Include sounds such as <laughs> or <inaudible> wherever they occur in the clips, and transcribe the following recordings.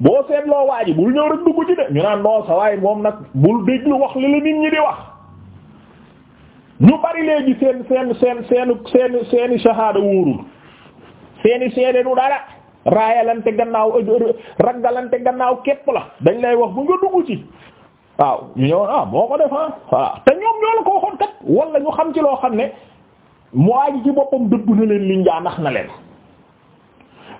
boo seetloo waa ji bul ñëw rek dugg ci de ñu naan non sa waay moom nag bul ñu wax li la nit ñi di wax ñu bari léegi seen seen seen seen seen seeni shahada wóorul seeni seede du dara raayalante gannaaw raggalante gannaaw képp la dañ lay wax bu nga dugg ci waaw ñu ñëw ah moo ko def ah. te ñoom ñoo la ko waxoon kat wala ñu xam ci loo xam ne mu waa ji ci boppam dëbb na leen liñ jaa nax na leen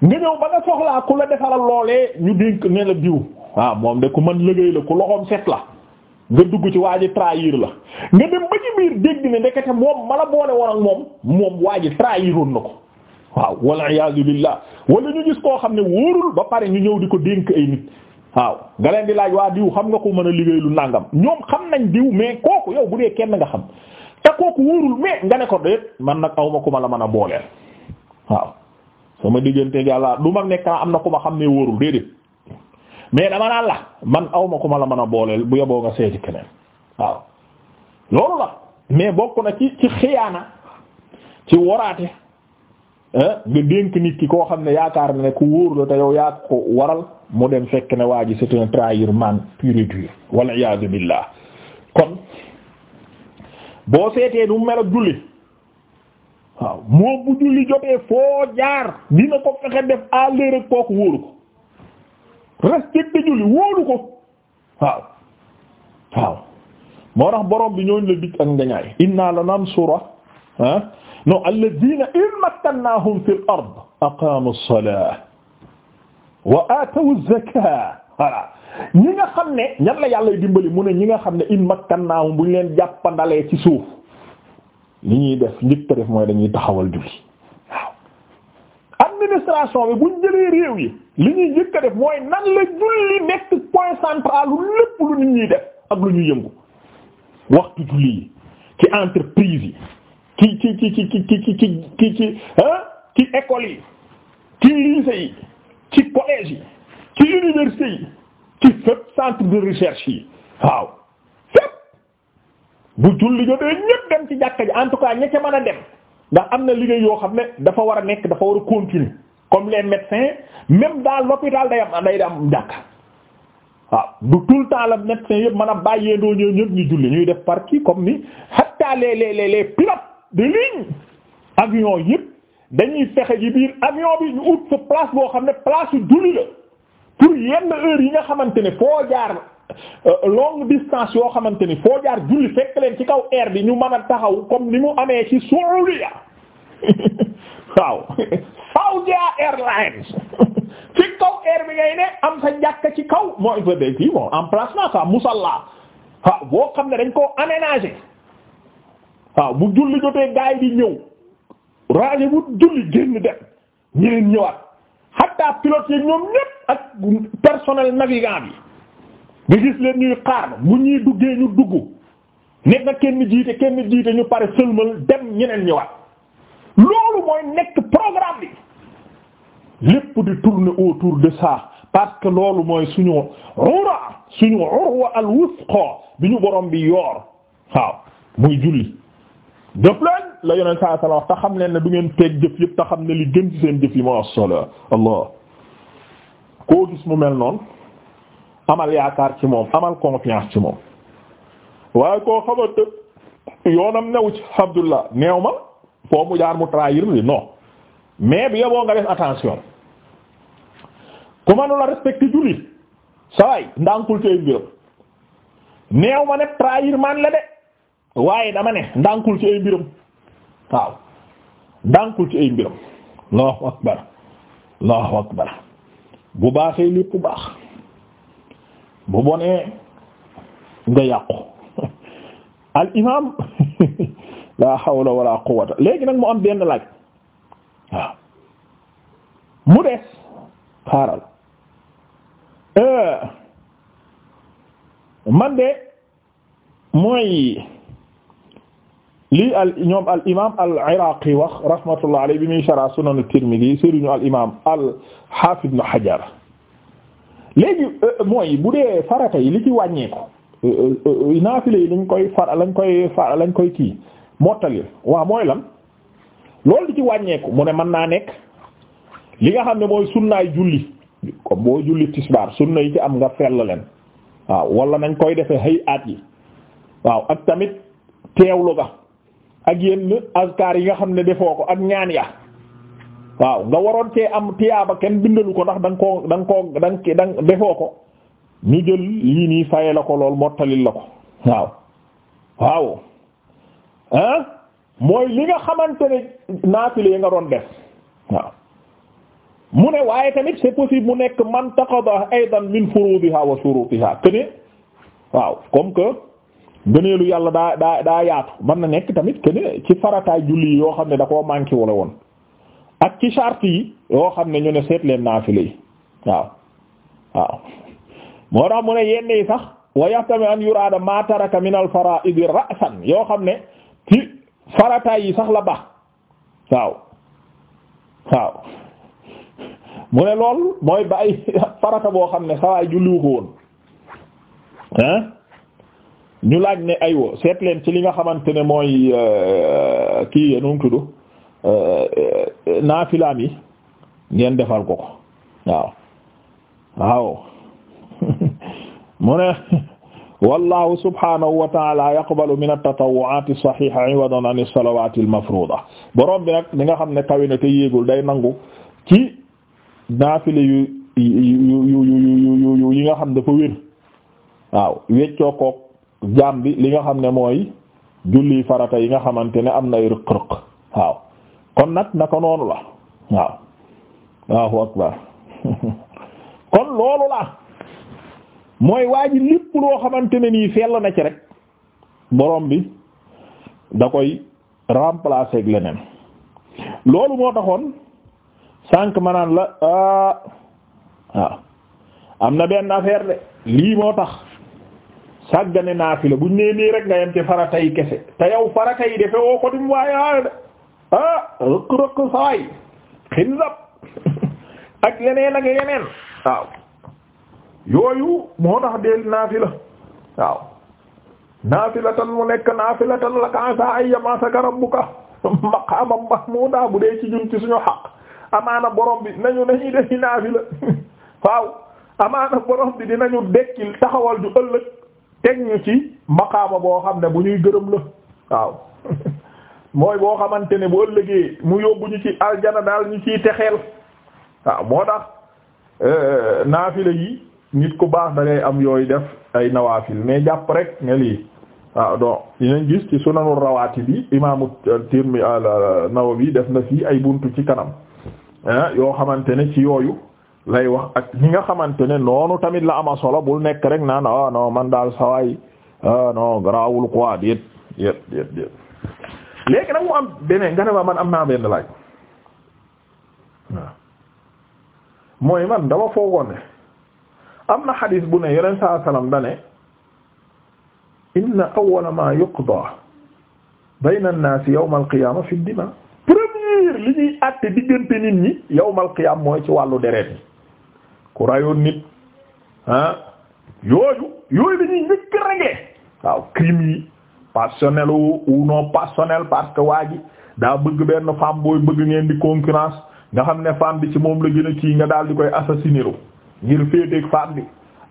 nga ñëw ba nga soxlaa ku la defalal loolee ñu dénk ne la diw waaw moom de ku mën liggéey la ku loxoom set la nga dugg ci waa ji trahir la nga dem ba ci biir dégg ne ndekete moom mala boole woon ak moom moom waa ji trahiroon na ko waaw walla iyaazu billaah wala ñu gis koo xam ne wóorul ba pare ñu ñëw di ko dénk ay nit waaw nga leen di laaj waa diw xam nga ko mën a liggéey lu nàngam ñoom xam nañ diw mais kooku yow bu dee kenn nga xam te kooku wóorul nga ne ko déet man nag awma ma la mën a booleel waaw sama diggante yàlla du ma nekk am na ku ma xam ne wóorul déedéet mais dama naa la man awma ma ku ma la mën a booleel bu yeboo nga seeti keneen waaw loolu la mais bokk na ci ci xiyaana ci waraate nga dénk nit ki koo xam ne yaakaar na ne ku wóor la te yow yaa ko waral mu dem fekk ne waa ji c'est un trahirman pur et dur wal iyaazu billah kon boo seetee du mu mel julli waaw moom bu julli jotee foo jaar dina ko fexe def à l'heure kooku wóoru ko respecté julli wóoru ko waaw moo tax borom bi ñooñ la dikk ak ngañaay inna lanansura ah non alladina in makkannahum fil ard aqamu as-salah wa atawu xam ne ñan la yàlla dimbali mu ne ñi nga xam ne in makkannahum bu ñu leen jàppandalee ci suuf li ñuy def njëkk def mooy dañuy taxawal julli waaw administration bi buñ jëlee réew yi li ñuy njëkk def mooy nan la julli nekk point central lépp lu nit ñuy def ak lu ñuy yëngu waxtu julli yi ki entreprise yi ci ci ci ci ci ci ah ci école yi ci lycée yi ci collège yi ci université yi ci fépp centre de recherche yi waaw bu julli jotee ñépp dem ci jàkka ji en tout cas ña ca mën a dem ndax am na liggéey yoo xam ne dafa war a nekk dafa war a continuer comme les médecins même daal l'hôpital day am day am jàkka waaw bu tout le temps la médecin yëpp man a bàyyee bàyyeendoo ñëw ñëpp ñu julli ñuy def partie comme ni hatta les les les les pilotes de ligne avion yëpp dañuy fexe ji biir avion bi ñu ut fa place boo xam ne place yu julli la pour yenn heure yi nga xamante ne foo jaar. Euh, longue distance yoo xamante ni foo jaar julli fekk leen ci kaw air bi ñu mën a taxaw comme ni mu amee ci Saudiya <laughs> waaw Saudia Airlines <laughs> ci kaw air bi ngay ne am sa jàkka ci kaw mooy fa day fii bon emplacement quoi musalla waaw boo xam ne dañ koo aménager waaw bu julli jotee gaay yi di ñëw rajo bu julli génn dem ñeneen ñëwaat hatta pilote yi ñoom ñépp ak personnel navigant bi nga gis leen ñuy xaar bu ñuy duggee ñu dugg nekk na kenn jiite kenn jiite ñu pare sëlmal dem ñeneen ñëwaat loolu mooy nekk programme bi lépp di tourner autour de ça parce que loolu mooy suñu urwa suñu urwa al wusqa bi ñu borom bi yoor waaw muy julli jëf leen la yoneen saa sala wax te xam leen ne du ngeen teeg jëf yëpp te xam ne li gën ci seen jëf yi moo as-salaa Allah koo gis mu mel noonu amal yaakaar ci moom amal confiance ci moom waaye koo xamante yoonam new ci Abdullah neew ma foo mu jaar mu trahir li non mais bi yoboo nga def attention ku manu la respecté jullit saway ndànkul tey mbiram neew ma ne trahir man la de waaye dama ne ndànkul ci ay mbiram waaw ndànkul ci ay mbiram allahu akbar allahu akbar bu baaxee lépp bu baax bu bonee nga yàqu <laughs> <laughs> la hawla wala quwwata léegi nag mu am benn laaj mu des xaaral euh, man de mooy lii al ñoom al imam al iraqi wax rahmatullah alayhi bi muy sharh sunan at-tirmidhi sëriñu al al hafiz ibn hajar léegi euh, mooy bu dee farata yi li ci wàññeeku naafile euh, euh, yi koy far lañ koy far lañ koy kii mottali waaw mooy lan loolu li ci wàññeeku mu ne mën naa nekk li nga xam ne mooy sunnaay julli comme boo julli tisbaar sunna yi ci am nga fell leen waaw wala nañ koy defee xëy aat yi waaw ak tamit teewlu ba ak yenn azkar yi nga xam ne defoo ko ak ñaan ya waaw nga waroon cee am tiyaaba kenn bindalu ko ndax da nga koo da nga koo da nga da nga defoo ko ñu jël lii nii faye la ko lool mottalil la ko waaw waaw mooy li nga xamante ne naafile nga doon def waaw mu ne waaye tamit c'est possible mu nekk man taqada aidan min furuudiha wa shurutiha que ne waaw comme que gëneelu yàlla daa daa daa yaatu man na nekk tamit que ci farataay julli yoo xam ne da koo manqué wala woon ak ci charte yi yoo xam ne ñu ne seet leen naafile yi waaw waaw moo tax mu ne yenn yi sax wa yahtami an yuraada ma taraka min al fara'id ra'san yoo xam ne ci farataay yi sax la baax waaw waaw mu ne lool mooy bàyyi farata boo xam ne sawaay julliwu ko woon ah ñu laaj ne aywo seet leen ci li nga xamante ne mooy euh, kii yee nu mu tudd Euh, euh, euh, naafilaam yi ngeen defal ko ko waaw waaw <laughs> mu ne wallahu subhanahu wa taala yaqbalu min at-tatawwu'ati as-sahiha iwadan an as-salawati al-mafruda bi nag li nga xam ne kawi na te yéegul day nangu ci naafile yi nga xam dafa wér waaw weccoo koog jaam bi li nga xam ne mooy julli farata yi nga xamante ne am na rëq-rëq waaw kon nag na ko noonu la waaw Allahu akbar <laughs> kon loolu la mooy waa ji loo xamante ne nii feel na ci rek borom bi da koy remplacer ak loolu moo taxoon sànq ma la ah waaw am na benn affaire de lii moo tax sàggane naafila buñ nee nii rek nga yem ci farata yi kese te yow farata yi defe woo ko dim waaye de. ah rëq-rëq saay xinzab <laughs> ak yeneen ak yeneen waaw yooyu moo tax deel naafila waaw naafilatan mu nekk naafilatan la kansa ay yamasaka rabbuka <laughs> maqaama mahmuda bu dee ci jun ci suñu xaq amaana borom bi nañu nañu <laughs> defi naafila waaw amaana borom bi dinañu dekkil taxawal ju ëllëg teg ñu ci maqaama boo xam ne bu ñuy gërëm la waaw mooy boo xamante ne boo ëllëgee mu yóbbu ñu ci aljana daal ñu ciy texeel waaw moo tax euh, naafila yi nit ku baax da ngay am yooyu def ay nawaafil mais jàpp rek ne lii waaw donc dinañ gis ci sunanu euh, def na ay buntu ci kanam yoo xamante ne ci yooyu lay wax ak ñi nga xamante ne noonu tamit la am ama solo bul nekk rek naan ah man daal sawaay ah non ko quoi déet déet déet déet léegi nag mu am beneen nga ne ma man am naa benn laaj mooy man dama foogoon ne am na xadis bu ne yeneen saa salaam da ne inna awwala ma yuqda bayna an-naasi yawma al-qiyaama première li ñuy àtte diggante nit ñi yawma al-qiyaama mooy ci wàllu deret yi ku rayoon nit ah yooyu yooyu dañuy njëkk a régler waaw crime yi passionnel ou non passionnel parce que waa ji daa bëgg benn femme booy bëgg ngeen di concurrence nga xam ne femme bi ci moom la gën a kii nga daal di koy assassiner ngir féeteeg femme bi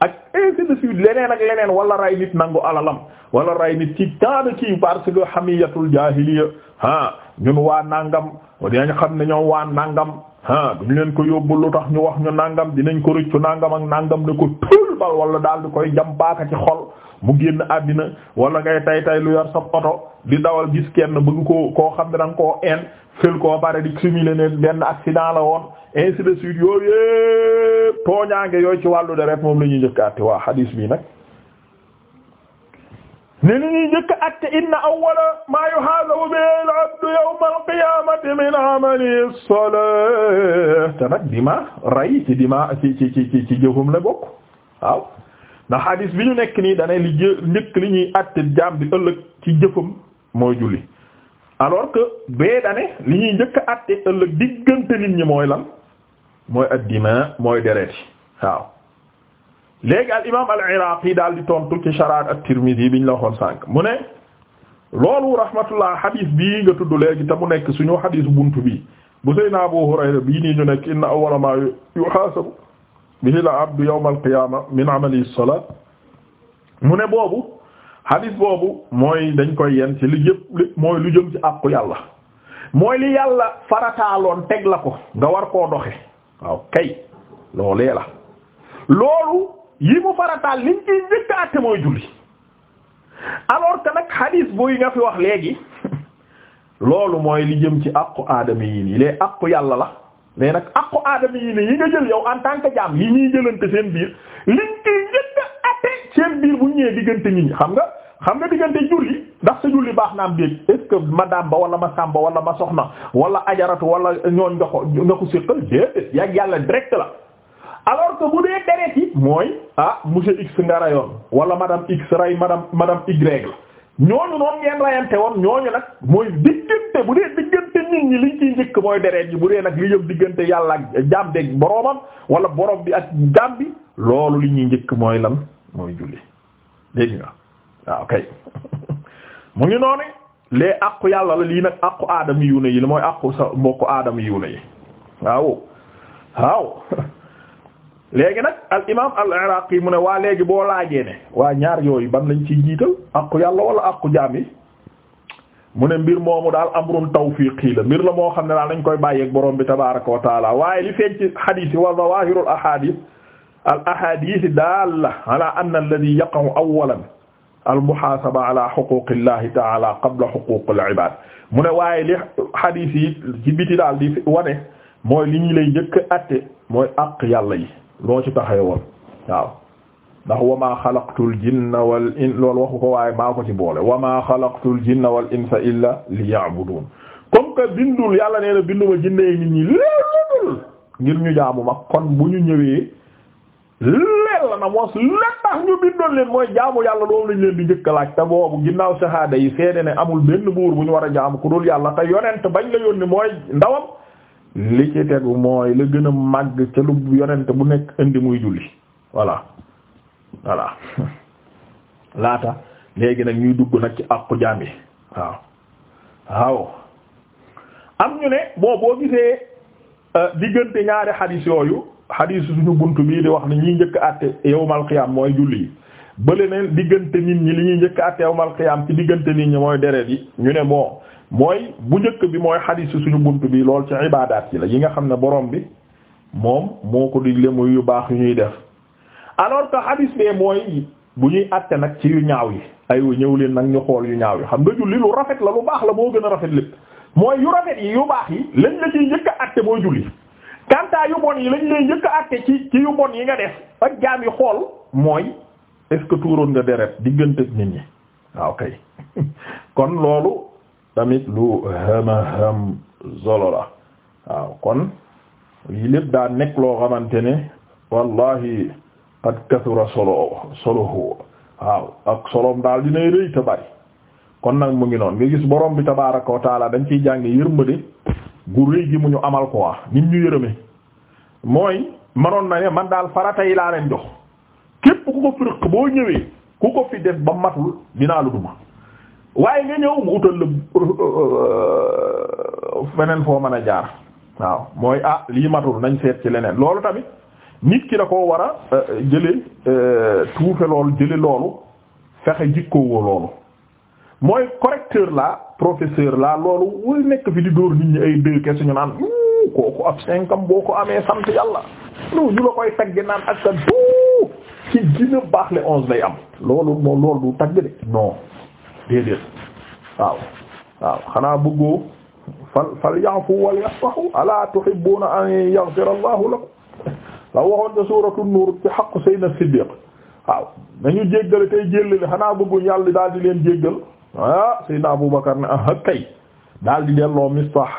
ak ainsi de suite leneen ak leneen wala ray nit nangu alalam wala ray nit ci taada kii parce que hamiyatul jaahiliya ah ñun waa nangam dinañ xam ne ñoom waa nangam ah duñ leen ko yóbbu lu tax ñu wax ñu nangam dinañ ko rëccu nangam ak nangam ne ko tul bal wala daal koy jam baaka ci xol. mu génn àddina wala ngay tay tay lu yor sa oto di dawal gis kenn bëgg koo koo xam ne da koo en fël koo pare di simuler ne benn accident la woon ainsi de suite yooyu yëpp tooñaange yooyu ci wàllu deret moom la ñuy njëkk àtte waa hadis bi nag ne li ñuy njëkk àtte inna awwala maa yuhaasabu bihi al-abdu yawma al-qiyaamati min amali as-salaah te nag dima ray ci dima ci ci ci jëfum la bokk waaw ndax hadis bi ñu nekk nii dane li jë njëkk li ñuy àtte jaam bi ëllëg ci jëfam mooy julli alors que bee dane li ñuy njëkk a àtte ëllëg diggante nit ñi mooy lan mooy addima mooy deret yi waaw léegi al imam al iraqi daal di tontu ci sharaat at-Tirmidhi bi ñu la waxoon sànq mu ne loolu rahmatullah hadith bii nga tudd léegi te mu nekk suñu hadith buntu bi bu Seydina Abu Hurayra bii nii ñu nekk inna awwala ma yuhasabu bihi la abdu yawmal qiyaama min amali salaat mu ne boobu hadis boobu mooy dañ koy yen ci li jëpp li mooy lu jëm ci àqu yàlla mooy li yàlla farataaloon teg la ko nga war koo doxe waaw kay loolee la loolu yi mu farataal liñ ciy njëkk àtte mooy julli alors que nag hadis buy nga fi wax léegi <laughs> loolu mooy li jëm ci àqu aadama yi lee àqu yàlla la mais nag aqu aadama yi ne yi nga jël yow en tant que jaam yi ñuy jëlante seen biir li ciy njëkk a seen biir bu ñëwee diggante nit ñi xam nga xam nga diggante julli ndax sa julli baax na am déet est ce que madame wala ma sàmba wala ma soxna wala ajaratu wala ñooñ nga ko nga ko séqal yàgg yàlla direct la alors que bu dee deret yi mooy ah monsieur x nga rayoon wala madame x ray madame madame y la ñooñu noonu ngeen rayante woon ñooñu nag mooy diggante bu dee diggante nit ñi liñ ciy njëkk mooy deret yi bu dee nag li yëm diggante yàlla ak jaam bi ak boroomam wala boroom bi ak jàmbi loolu li ñuy njëkk mooy lan mooy julli dégg nga waaw kay <laughs> mu ngi noonu lee àqu yàlla la lii nag àqu aadama yu ne yi li mooy àqu sa mbokku aadama yu ne yi waaw waaw <laughs> léegi nag al imaam al iraqi mu ne waa léegi boo laajee waa ñaar yooyu ban lañ ciy jiital àqu yàlla wala àqu jaam yi mu ne mbir moomu daal amrun tawfiqi la mbir la moo xam ne daal dañ koy bàyyeeg borom bi tabaaraka wa taala waaye li feeñ ci xadiis yi wa zawaahirul axaadiis al axaadiis daalla ala anna alladi yaqa'u awwalan al muhaasaba ala xuquuqillahi taala qabla xuquuqil ibaad mu ne waaye li xadiis ci biti daal di wane mooy li ñu lay njëkk atte mooy àq yàlla yi. loo ci taxawe woon waaw ndax wamaa xalaqtul jinna wal in loolu waxu ko waaye maa ko ci boole wamaa xalaqtul jinna wal insa illa liya'budun comme que bindul yàlla nee na binduma jinne nit ñi léelul ngir ñu jaamu ma kon bu ñu ñëwee leel la na mos len tax ñu bindoon leen mooy jaamu yàlla loolu lañ leen di njëkk a laaj te boobu ginnaaw sahaada yi seede ne amul benn buur bu ñu war a jaamu ku dul yàlla te yonent bañ la yónni mooy ndawam li ci tegu mooy la gën a màgg ca lu yonente bu nekk indi muy julli voilà voilà <laughs> laata léegi nag ñuy dugg nag ci àqu jaam yi waaw waaw am ñu ne boo boo gisee euh, diggante ñaari xadiis yooyu xadiis suñu bunt bii di wax ne ñuy njëkk àtte yawmal qiyaam mooy julli yi bële ne diggante nit ñi li ñuy njëkk àtte yawmal qiyaam ci diggante nit ñi mooy deret yi ñu ne bon mooy bu njëkk bi mooy xadiis suñu bunt bi lool ci ibaadaat yi la yi nga xam ne boroom bi moom moo ko digle muy yu baax yu ñuy def alors que xadiis bee mooy bu ñuy àtte nag ci yu ñaaw yi aywa ñëw leen nag ñu xool yu ñaaw yi xam nga julli lu rafet la lu baax la moo gën a rafet lépp mooy yu rafet yi yu baax yi lañ la ciy njëkk a àtte mooy julli kantaa yu bon yi lañ lay njëkk a àtte ci ci yu bon yi nga def ak jaam yi xool mooy est-ce que tuuroon nga deret diggante nit ñi waaw <laughs> tamit lu hamaham zolo la waaw kon lii lépp daa nekk loo xamante ne wallahi qad kathura solo solohu waaw ak solom daal dinay rëy bari kon nag mu ngi noonu nga gis borom bi tabaaraka wa taala dañ ciy jànge yërmande gu rëy gi mu ñu amal ko waa nit ñu yërëme mooy manoon na ne man daal farata laa leen jox képp ku ko fi rëq boo ñëwee ku ko fi def ba matul dinaa lu waaye nga ñëw mu utal la euh, euh, feneen foo mën a jaar waaw mooy ah lii matul nañ seet ci leneen loolu tamit nit ki da koo war a euh, jële tuufe loolu jële loolu fexe jikkoowoo loolu mooy correcteur la professeur laa loolu wul nekk fi di dóor nit ñi ay deux kese ñu naan kooku ab sinkam boo ko amee sant yàlla non ñu la koy tagge naan ak sa duu ci gina baax le onze lay am loolu moo loolu du tagg de non déedéet waaw waaw xanaa bëggoo fal fal ya'fu wal ala tuhibbuna an yaghfira Allahu lakum la waxoon ca suuratu nuur ci xaqu Siddiq waaw nañu jéggale tey jéllale xanaa bëgguñ yàlla daal di leen jéggal ah Seydina Abubakar ne ah kay daal di delloo Mistah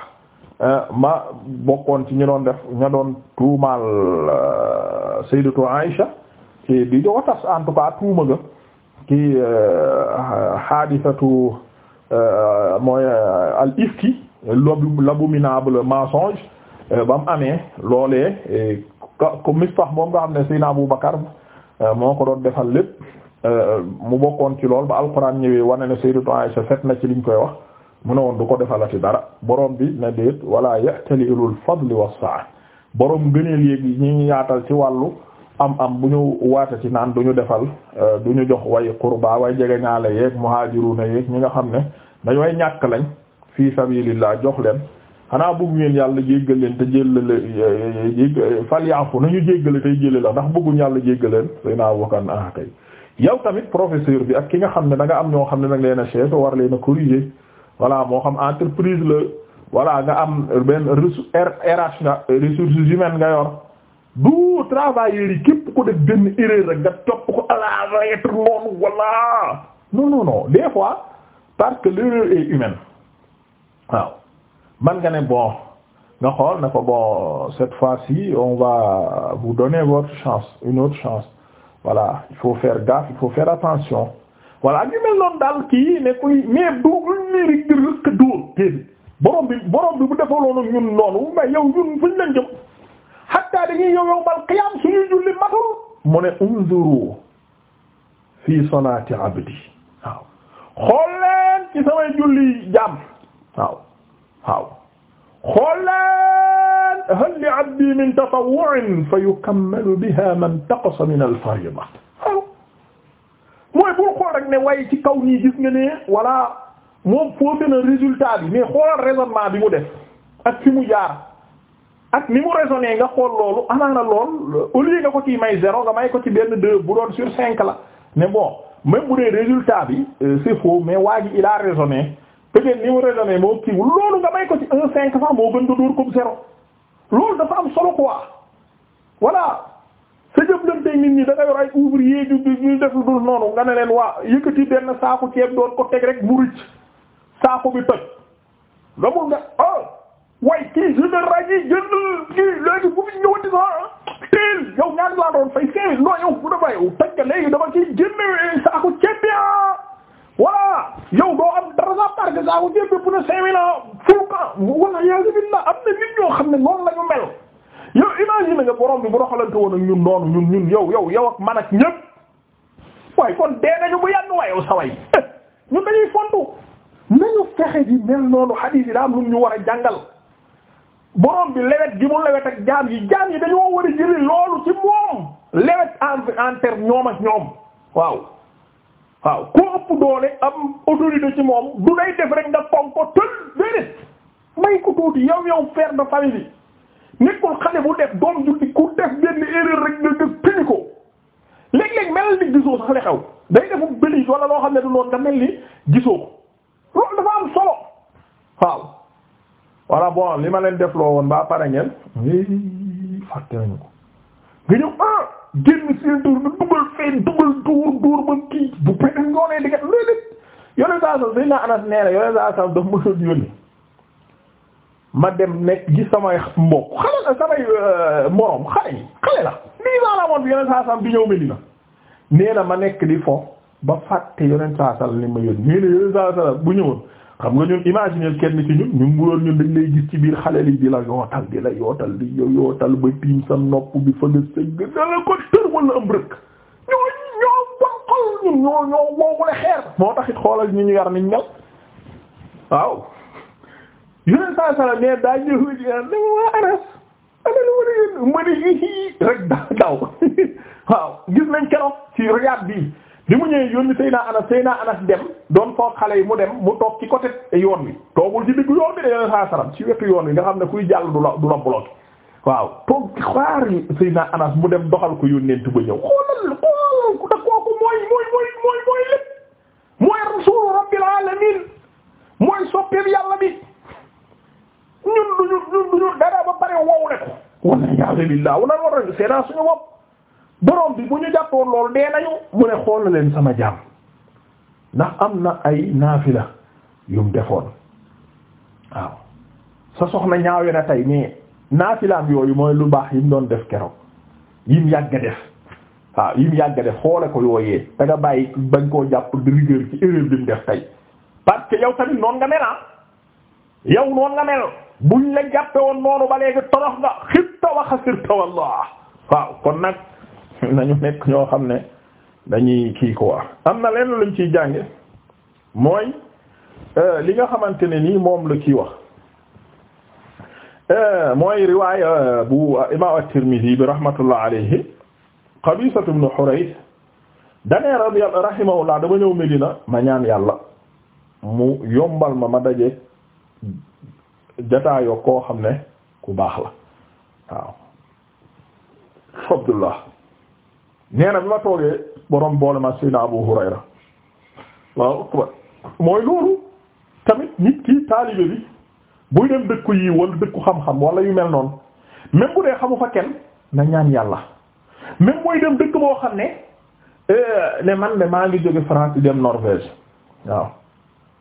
ah, ma bokkoon ci ñu doon def ña doon tuumaal ah, Sayyidatu Aïsha ci di jox tas en tout cas kii euh, xaadisatu euh, mooy euh, al ifki lobu l'abominable mensonge ba mu amee loolee ko Mistah moom nga xam ne Seydina Abu Bakar moo ko doon defal lépp mu bokkoon ci lool ba alquran ñëwee wane ne Sayyidatu Aisha fet na ci liñ koy wax mu ne woon du ko defal defalati dara boroom bi na déet wala yahtali ulul fadli was sa'a borom gëneel yéeg ñu yaatal ci wàllu am am bu ñu waate ci naan du ñu defal euh, du ñu jox way qurba way jege ñaale yeeg muhajiruna yeeg ñi nga xam ne dañu way ñàkk lañ fii sabilillah jox leen xanaa bëgg ngeen yàlla jéggal leen te jéllale jég falyafu nañu jéggale tey jélle la ndax bëgguñ yàlla jéggaleen say naa wakan ah kay yow tamit professeur bi ak ki nga xam ne da am ñoo xam ne da leen a chef war leen a corriger voilà moo xam entreprise la voilà nga am benn RH nga ressources humaines nga yor du travailleur yi képp ko def benn erreur rek nga topp ko à la lettre wala non non non des fois parce que l'erreur man nga ne bon nga xool na ko bon cette fois-ci on va vous donner votre chance une autre chance voilà il faut faire gaffe il faut faire attention voilà ñu mel noonu daal kii ne kuy mais duul mériqu di rëkka dóor tébi borom bi borom bi bu defaloon ñun noonu mais yow ñun fuñ lañ jëm hatta dañuy yow yowmal qiyaam suñuy julli matul mu ne unzuru fi salaati abdi waaw xool leen ci samay julli jaam waaw waaw xool leen hal li abdi min tatawwu'in fa yukammalu biha man taqasa min al-fariida waaw mooy bul xool rek ne waaye ci kaw nii gis nga ne wala moom foo gën a résultat bi mais xoolal raisonnement bi mu def ak fi mu jaar ak ni mu raisonné nga xool loolu na lool au lieu nga ko ci may zéro nga may ko ci benn deux bu doon sur cinq la mais bon même bu dee résultat bi euh, c'est faux mais waa ji il a raisonné peut-être ni mu raisonné moo kiiwul loolu nga may ko ci un cinq sax moo gën dóor comme zéro loolu dafa am solo ko quoi voilà sa jëflante nit ñi da yor ay ouvrier du ñu def lu dul noonu nga ne leen waa yëkkati benn saako ceeb doon ko teg rek mu rëcc saako bi toj damul way kii général yi jënd kii léegi bu fi ñëwati sax ah, teel yow ñaari laa doon fay cinq mille non bu dama yow léegi dama ciy génne saako ceeb ah. yow doo am dara sax parce que saako ceeb bi bu ne cinq mille ful ka wala yaa ngi bind am na nit ñoo xam ne noonu la ñu mel yow imagine nga borom bi bu doxalante woon ak ñun noonu ñun ñun yow yow yow ak man ñëpp waaye kon dee nañu bu yàgg waaye yow sa way eh, di mel noonu hadith yi daa am lu ñu war a jàngal. borom bi lewet gi mu lewet ak jaam yi jaam yi dañoo war a jëli loolu ci moom lewet en en terme ñoom ak ñoom waaw waaw ku ëpp doole am autorité ci moom du day def rek nga pom ko tël may ko tuuti yow yow père de famille bi nekkul xale bu def doom julli ku def benn erreur rek nga def pini ko léeg-léeg melal ni gisoo sax li xew day defu bëlis wala loo xam ne du noonu nga mel ni gisoo ko loolu dafa am solo waaw wala bon li ma leen defloo woon ba pare ngeen eh, fàtte nañu ko nga ñëw ah génn seen tur bi dugal feen dugal duur duur ba kii bu pegg ngoonee di nga loolu it yoneen saa sax dañ naa nee na yoneen saa daf ma doon yónni ma dem nekk gis samay mbokk xale samay euh, morom xale yi xale la nii maa bi yoneen saa sax nee na ma nekk di fo ba fàtte yoneen saa sax ma yónni nee na yoneen saa bu ñëwoon. xam nga ñun imaginer kenn ci ñun ñun bu ñun dañ lay gis ci biir xale li di la yootal di la yootal ba tiim sa nopp bi fa nga sëgg dala ko tër wala am rëkk ñoo ñoo bonkol ñun ñoo ñoo woowule xeer moo tax xoolal ñu ñu yar niñ mel waaw yoneen saa sala mais daa ñëw di naan dama waa aras amalu daw <laughs> waaw gis nañ keroog ci riyaat bi li mu ñëwee yónni Seyna Anas Seyna Anas dem doon foog xale yi mu dem mu toog ci côté yoon wi toogul ci diggu yoon bi da yoon saa saram ci wetu yoon wi nga xam ne kuy jàll du la du la bloqué waaw toog ci xaar Seyna Anas mu dem doxal ko yónnent ba ñëw xoolal xoolal ku te kooku mooy mooy mooy mooy mooy mooy rasuulu rabbil alamin mooy soppeeb yàlla bi ñun duñu ñun duñu dara ba pare wow le walla yàlla billah walla war a seeraa suñu bopp boroom bi mu ñu jàppoon loolu dee nañu mu ne xool leen sama jaam ndax am na ay naafila yum defoon waaw sa soxna ñaawe na tey mais naafilaam yooyu mooy lu baax yim doon def keroog yim yàgga def waaw yim yàgga def xoole ko yooyee da nga bàyyi bañ koo jàpp de rigueur ci erreur bi mu def tey parce que yow tamit noonu nga mel ah. yow noonu nga mel buñ la jàppe woon noonu ba léegi torox nga xib tawa xasir tawallah waaw kon nag <laughs> nañu nekk ñoo xam ne dañuy kii quoi am na leen luñ ciy jànge mooy euh, li nga xamante ne nii moom la kii wax euh, mooy riwaaya bu imam at-Tirmidhi bi rahmatullah alayhi Qabisatu ibn Hurayth danee radiyallahu rahimahullah dama ñëw Medina ma ñaan yàlla mu yombal ma ma daje jataayoo koo xam ne ku baax la waaw Abdullah nee bi ma toogee borom boole ma Seydina Abu Hurayra waaw mooy loolu tamit nit ki taalibe bi buy dem dëkku yi wala dëkku xam-xam wala yu mel noonu même bu dee xamu fa kenn na ñaan yàlla même mooy dem dëkk boo xam ne eh, ne man de maa ngi jóge France di dem Norvège waaw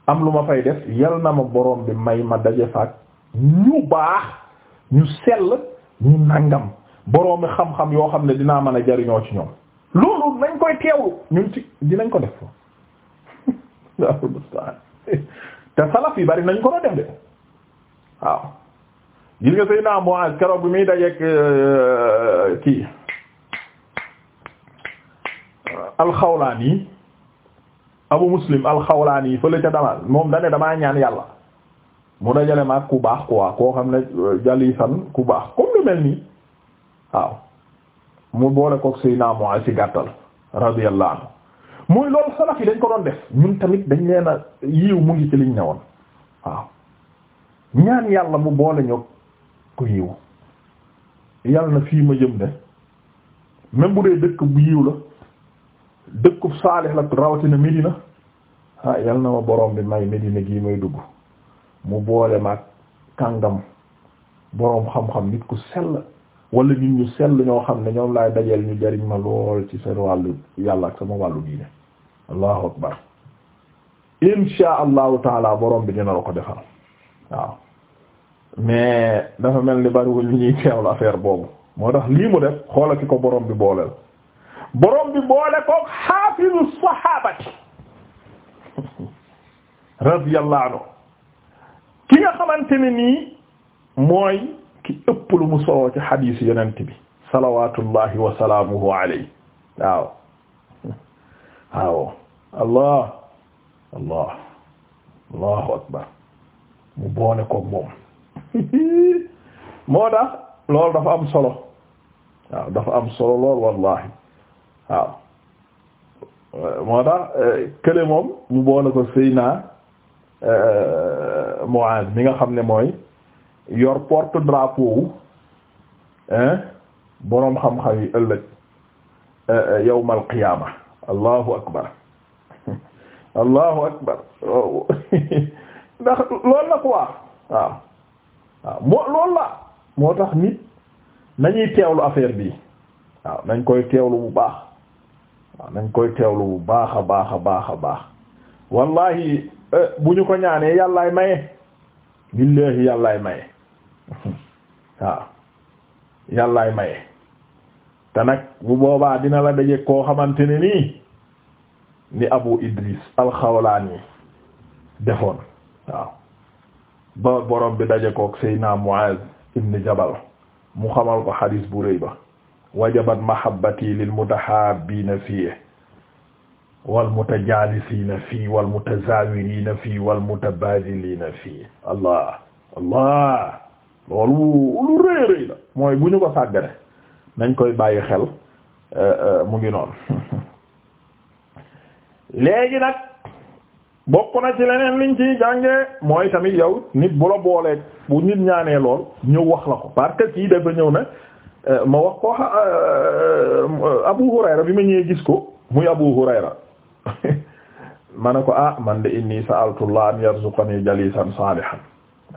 am lu ma fay def yal na ma borom bi may ma daje faak ñu baax ñu sell ñu nangam boroomi xam-xam yoo xam ne dinaa mën a jariñoo ci ñoom loolu nañ koy teewlu ñun ci dinañ ko def <laughs> te salaf yi bari nañ ko doon def de waaw gis nga sëy naa Muaz keroog bi muy dajeek euh, kii alxawlaani abu muslim yi fële ca dama moom dane damaa ñaan yàlla mu dajale ma ak ku baax quoi koo xam ne euh, jalisan ku baax comme lu mel nii waaw mu boole koog Seydina Mu'aaz ci gàttal radiyallahu anhu muy loolu salaf yi dañ ko doon def ñun tamit dañ leen a yiw mu ngi ci liñ newoon waaw ñaan yàlla mu boole ñoog ku yiw yàlla na fii ma jëm de même bu dee dëkk bu yiw la dëkkub saalix la rawatina Medina ah yàlla na ma borom bi may Medina gii may dugg mu boole maag kàngam boroom xam-xam nit ku sell wala nit ñu sell ñoo xam ne ñoom laay dajal ñu jariñ ma lool ci seen wàll yàlla ak sama wàllu diine allahu akbar insha allahu taala borom bi dina la ko defal waaw mais dafa mel ni bariwul ñu ñuy teewlu affaire boobu moo tax lii mu def xoola ki ko borom bi booleel borom bi boole ko xaafizu sahabati <laughs> radiyallahu anhu ki nga xamante ne mooy ki ëpp lu mu soloo ci xadiis yonent bi salawatullahi wa salaamu alayhi waaw waaw allah allah allahu akbar mu boole ko moom moo tax loolu dafa am solo dafa am solo lool wallahi waaw moo eh, kële moom mu boole ko Seyna eh, Muaz mi nga xam ne mooy yor porte drapeau wu boroom xam-xam yi ëllëg euh, euh, yawmal qiyaama allahu akbar <laughs> allahu akbar <laughs> ndax loolu la quoi waaw waaw moo loolu la moo tax nit nañuy teewlu affaire bi waaw nañ koy teewlu bu baax waaw nañ koy teewlu bu baax a baax a baax a baax wallahi euh, bu ñu ko ñaanee yàllaay maye billahi yàllaay maye waaw yàllaay maye te nag bu boobaa dina la daje koo xamante ne ni Abu Idris al-Xawlaani defoon waaw borom bi daje kook Seydina Muaz ibn Jabal mu xamal ko xadiis bu rëy ba wajabat mahabbati lil mutahabbiina fiihi wal mutajaalisiina fiihi wal mutazaawiriina fiihi wal mutabaadiliina fiihi allah allah loolu lu rëy rëy la mooy bu ñu ko sàggane nañ koy bàyyi xel euh, euh, mu ngi noonu <laughs> léegi nag bokk na ci leneen liñ ciy jànge mooy tamit yow nit bu la boolee bu nit ñaanee lool ñëw wax la ko parce que kii dafa ñëw na euh, ma wax ko Abu Hurayra bi ma ñëwee gis ko muy Abu Hurayra <laughs> ma ne ko ah man de inni sa'altu Allah an yarzuqani jalisan salihan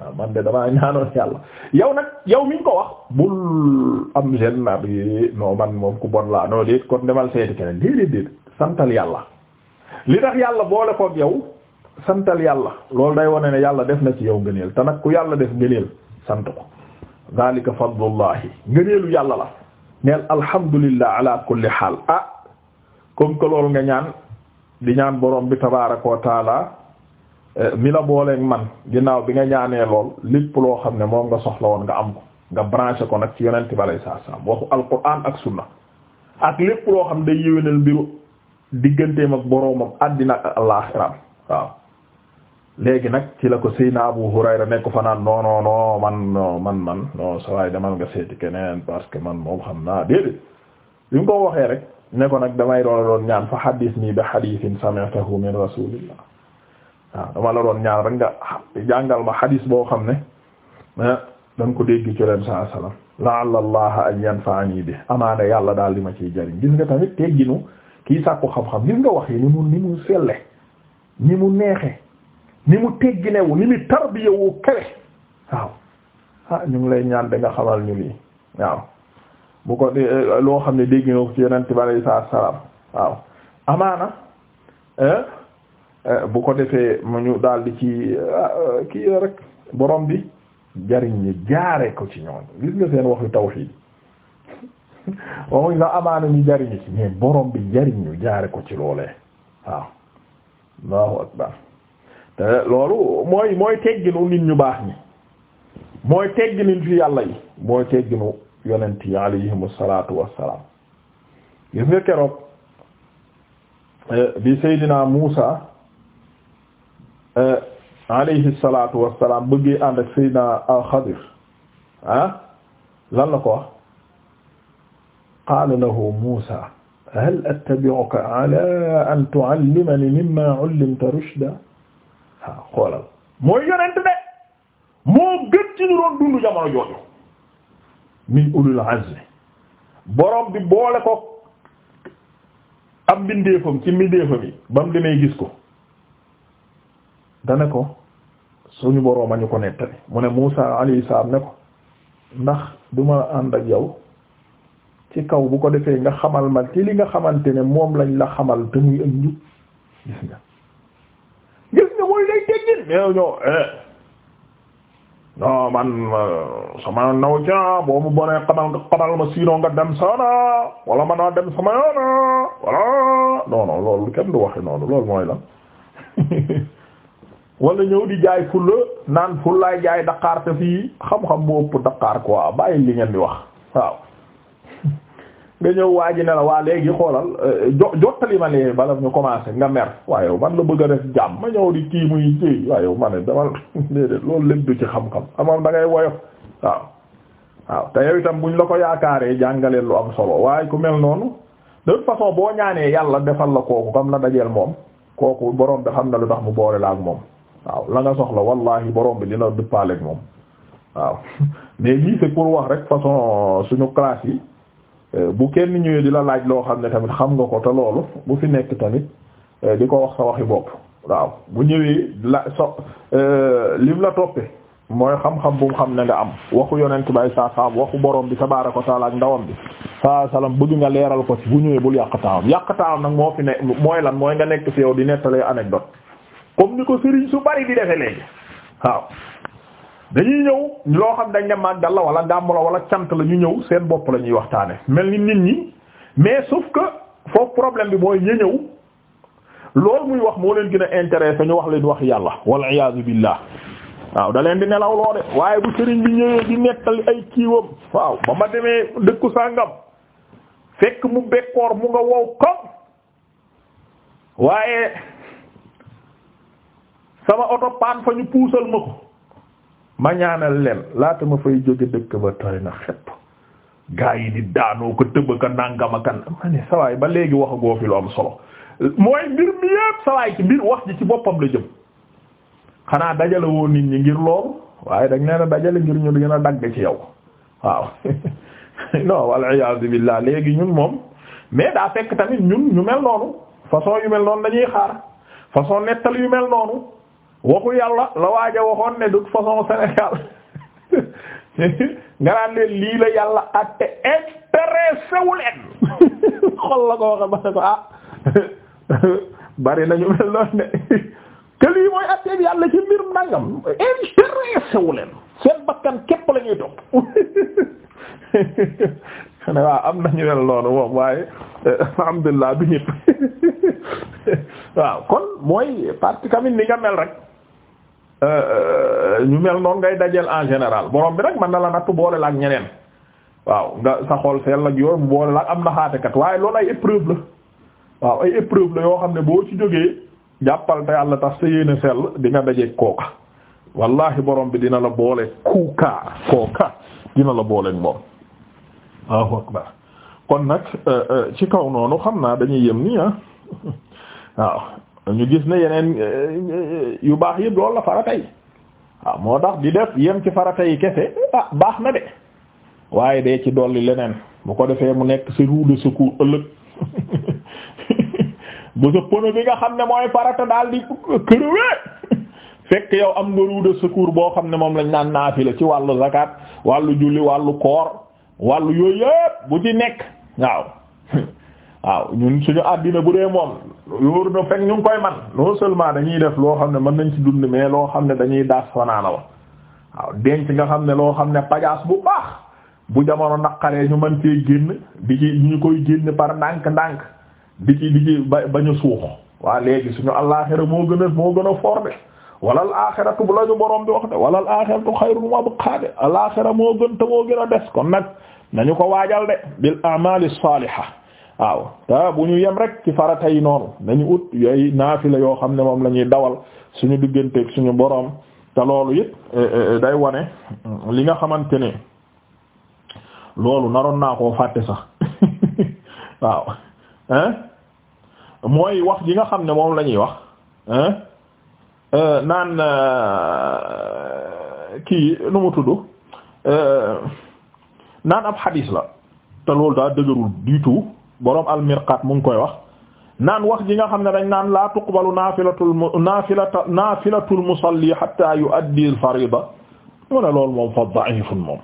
waaw ah, man de damaa ñaanoon yàlla yow nag yow mi ñu ko wax bul am gene bi non moom ku bon laa non déet kon demal seeti keneen déedéet déet santal yàlla li tax yàlla boole koog yow santal yàlla loolu day wane ne yàlla def na ci yow ngëneel te nag ku yàlla def ngëneel sant ko zalika fadlullahi ngëneelu yàlla la neel alhamdulillah ala kulli xaal ah comme que loolu nga ñaan di ñaan borom bi tabaaraka wa taala Eh, mi la booleeg man ginnaaw bi nga ñaanee lool lépp loo xam ne moom nga soxla woon nga am ko nga branché ko nag ci yonent bi alayhi salaam waxu alquran ak sunna ak lépp loo xam day yéwénal mbiru digganteem ak boroomam àddina ak alaaxiram waaw léegi nag ci la ko Seydina Abu Hurayra nekk fa naan non non man man man non sa waay demal nga seeti keneen parce man moom xam naa déedéet li mu waxee rek ne nag damay doon doon ñaan fa xaddis nii bi xadiisin sami'tahu min rasulillah waaw dama la doon ñaan rek nga jàngal ma xadis boo xam ne ah, da ko dégg ci leen saa salaam la'alla allah an yanfa'ani bi amaana yàlla daal di ma ciy jariñ gis nga tamit tegginu kii sàkku xam-xam gis nga wax yi ni mu ni mu selle ni mu neexe ni mu tegginewu ni mu tarbiyawu kawe waaw ah ñu ngi lay ñaan da xamal ñu lii waaw bu ko eh, loo xam ne dégg na yeneen ci yonent bi alayhi waaw amaana eh, Eh, bu ko defee mu ñu daal di ci eh, kii rek borom bi jariñ ñi jaare ko ci ñoom gis nga seen waxu tawhid <laughs> waxuñ la jaare ko ci loolee waaw allahu akbar te loolu mooy mooy tegginu nit ñu baax ñi mooy tegginu fi yàlla yi mooy tegginu yonent yi alayhimu salaatu wassalaam gis nga keroog eh, bi seydinaa Muusa Euh, alayhi salatu wassalam bëggee ànd ak sayyidina al-Xadir ah lan la ko wax qaala lahu Muusaa hal attabi'uka ala an tu'allimani mimma 'ullimta rushda waaw xoolal mooy yonent de moo gën ci ñu doon dund jamono jooju min ulul azmi borom bi boole ko am mbindeefam ci mbindeefam yi ba mu demee gis ko dana ko suñu boroom a ñu ko nettali mu ne Muusa alayhi salaam ne ko ndax duma ànd ak yow ci kaw bu ko defee nga xamal ma ci li nga xamante ne moom lañ la xamal te muy ak njub gis nga mooy day teggin mais ñoo eh, non man sama naw ca boo mu bonee xamal xamal ma siinoo nga dem saana wala ma naa dem sama yoona wala non non loolu kenn du waxi noonu loolu mooy lan <laughs> wala ñëw di jaay fulla naan fullaay jaay daqaar te fii xam-xam mu ëpp daqaar quoi bàyyi li ngeen di wax waaw <laughs> nga ñëw waa ji ne la waa léegi xoolal euh, jo jottali ma lee bala ñu commencé nga mer waaye man la bëgg a def jàmm ma ñëw di kii muy kii waaye yow ma ne dama <laughs> loolu lépp ci xam-xam amoon da ngay woyof waaw. waaw te yow itam buñ la ko yaakaaree jàngaleel lu am solo waaye ku mel noonu de façon boo ñaanee yàlla defal la kooku comme la dajeel moom kooku borom bi xam na lu tax mu boole la moom. waaw la nga soxla wallahi borom bi dina dëppaaleeg moom waaw <laughs> mais lii c'est pour wax rek façon suñu classe yi euh, bu kenn ñëwee di la laaj loo xam ne tamit xam nga ko te loolu bu fi nekk tamit euh, di ko wax sa waxi bopp waaw bu ñëwee la so euh, lim la toppe mooy xam-xam bu mu xam ne nga am waxu yonent bay saa saam waxu borom bi tabaaraka ko taala ak ndawam bi saa salaam bëgg nga leeral ko si bu ñëwee bul yàq taawam yàq taawam nag moo fi ne mooy lan mooy nga nekk fi yow di nettalee anecdote comme ni ko sëriñ su bari di defe léegi waaw dañuy ñëw loo xam dañ ne màggal la wala gàmm la wala cant la ñu ñëw seen bopp la ñuy waxtaane mel ni nit ñi mais sauf que foofu problème bi mooy ñu ñëw loolu muy wax moo leen gën a intéressé ñu wax leen wax yàlla wal iyaazu billah waaw da leen di nelaw loo de waaye bu sëriñ bi ñëwee di nettali ay kiiwam waaw ba ma demee dëkku sàngam fekk mu bekkoor mu nga wow ko waaye sama oto paan fa ñu puusal ma ko ma ñaanal leen laata ma fay jóge dëkk ba tooy na xepp gaa yi di daanoo ba léegi wax agoo fi lu am solo wax boppam la jëm xanaa dajale nit ñi ngir loolu waaye dañ leen dajale ngir ñu gën a ci yow waaw <laughs> non wal iyaazu léegi ñun moom mais daa tamit ñun ñu mel noonu façon yu mel noonu dañuy xaar façon nettal yu mel noonu waxu yàlla la waaja waxoon ne de toute façon Sénégal <laughs> nga naan leen lii la yàlla atte intéressé leen <laughs> xol la ko waxe ba ne ko ah <laughs> bari nañu mel noonu ne que mooy atteeb yàlla ci mbir nangam intéressé leen seen bakkan képp la ñuy topp ne waaw am nañu mel noonu waaye eh, alhamdulilah du ñëpp waaw kon mooy parti tamit ni nga mel rek Euh, euh, ñu mel noonu ngay dajeel en général borom bi nag mën na la nattu boole la ak ñeneen waaw nga sa xol seel ak yooyu boole la ak am na xaatekat waaye loolu ay épreuve la waaw ay épreuve la yoo xam ne boo ci jógee jàppal te yàlla tax sa yéene sell di nga dajeeg kooka wallahi boroom bi dina la boole kuuka kooka dina la booleeg moom waaw kon nag euh, ci kaw noonu xam naa dañuy yem nii ah <laughs> waaw ñu gis ne yeneen euh, euh, yu baax yëpp loolu la farata yi waaw ah, moo tax di def yem ci farata yi kese ah, baax na de waaye dee ci dolli leneen bu ko defee mu nekk sa roue de secours ëllëg <laughs> bu sa pono bi nga xam ne mooy farata daal di kërëwee fekk yow am nga roue de boo xam ne moom lañ naan naafila ci wàllu zakat wàllu julli wàllu koor wàllu yooyu yëpp bu ci nekk waaw waaw ñun suñu àddina bu dee moom yóoru na fekk ñu ngi koy man non seulement dañuy def loo xam ne mën nañ ci dund mais loo xam ne dañuy daas fanaana wa waaw denc nga xam ne loo xam ne pajaas bu baax bu jamono naqaree ñu man cee génn bi ñu koy génn par ndànk-ndànk bi ci di ci ba bañu suux waa léegi suñu alaaxira moo gën a moo gën a for de wala alaaxiratu bu la ñu borom bi wax de wala alaaxiratu xayrun wa abqaa de alaaxira moo gën te moo gën a des kon nag nañu ko waajal de bil a'maali waaw te bu ñu yem rek ci farata noonu nañu ut yooyu naafila yoo xam ne moom la ñuy dawal suñu digganteeg suñu boroom te loolu it eh, eh, eh, day wane li nga xamante ne loolu naroon naa koo fàtte sax <laughs> waaw hein mooy wax ji nga xam ne moom lañuy wax hein euh, naan euh, kii nu mu tudd euh, naan ab xadiis la te loolu daa dëgërul du tout boroom almirqaat mu ngi koy wax naan wax ji nga xam ne dañ naan la tuqbalu naafilatul naafilata naafilatul musalli hatta yu'addi al-fariida mu ne loolu moom fa da'ifun moom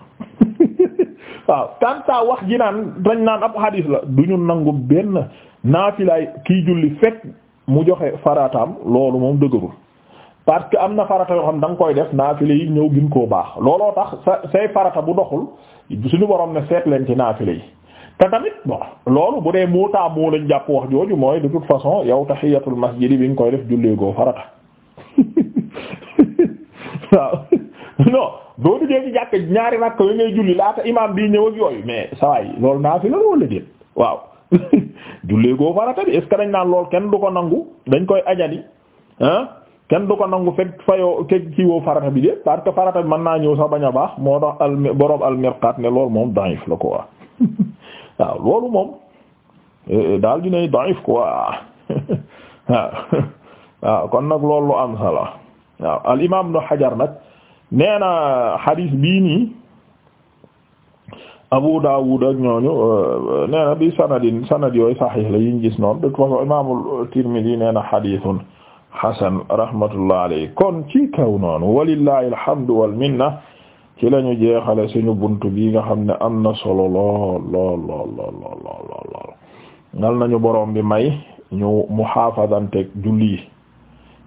<laughs> waaw kanta wax ji naan dañ naan ab hadis la du ñu nangu benn naafilaay kii julli fekk mu joxe farataam loolu moom dëgërul parce que am na farata yoo xam da nga koy def naafile yi ñëw gin koo baax looloo tax sa say farata bu doxul suñu borom ne seet leen ci naafile yi te tamit bon loolu bu dee muutaa moo lañ jàpp wax jooju mooy de toute façon yow tahiyatul masjid bi nga koy def julleegoo farata <laughs> waaw non doo duggee ci jàkk ñaari rakk yooyu ngay julli laata imaam bii ñëw ak yooyu mais saa yi naa fi la wala déet waaw <laughs> julleegoo farata bi est dañ naan lool kenn du ko nangu dañ koy ajadi ah kenn du ko nangu fekk fayoo keg ci farata bi déet parce que farata bi mën naa ñëw sax bañ a baax moo tax al boroom al loolu moom daif la ko <laughs> waaw loolu moom eh, daal dinay da'if quoi <laughs> waaw waaw kon nag loolu lu am solo waaw al imaam Ibn Hajar nag nee na hadis bii nii Abu Dawud ak ñooñu eh, nee na bi sanadin sanad yooyu sahih la yiñ gis noonu de toute façon imaamul Tirmidhi nee na hadithun hasan rahmatullah alayhi kon ci kaw noonu walillahi alhamdu wal minna ci lañu jeexale suñu bunt bi nga xam ne am na solo lool lool lool lool ngal nañu borom bi may ñu muhaafazanteeg julli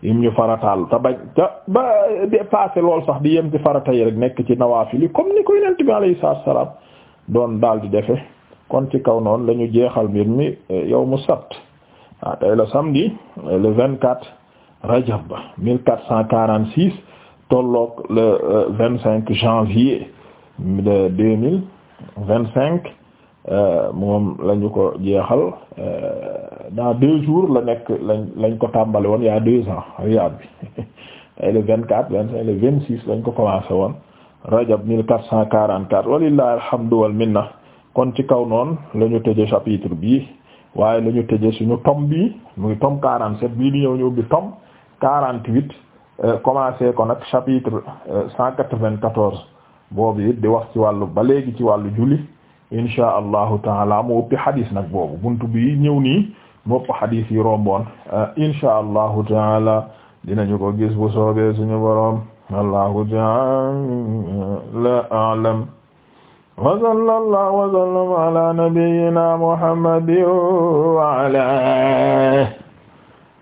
yim ñu farataal te bañ te ba dépassé lool sax di yem ci farata rek nekk ci nawaafil yi comme ni ko Yonent bi alayhi salaam doon daal di defe kon ci kaw noonu la ñu jeexal mbir mi e, yawmu sabt ah tey la samedi le vingt quatre rajab mille quatre cent quarante six tolloog le euh, vingt cinq janvier de deux mille vingt cinq euh, moom lañu ko jeexal euh, dans deux jours la nekk lañ lañ ko tàmbali woon yaa deux ans Riyad bi <laughs> tey le vingt quatre vingt cinq lañ ko commencé woon Rajab mille quatre cent quarante quatre walillahi alhamdu wal na kon ci kaw noon la ñu tëje chapitre bii waaye lañu ñu tëje suñu tom bii muy tom quarante sept bii di ñëw ñëw bi tom quarante huit Euh, commencé ko nag chapitre euh, cent quatre-vingt-quatorze boobu it di wax ci wàllu ba léegi ci wàllu julli taala mu nag boobu buntu bi ñëw nii mu ëpp xadis romboon euh, insha allahu taala dinañu ko gis bu soobee suñu boroom allahu taala a'lam wa sallallahu wa sallama ala nabiyyina muhammadin wa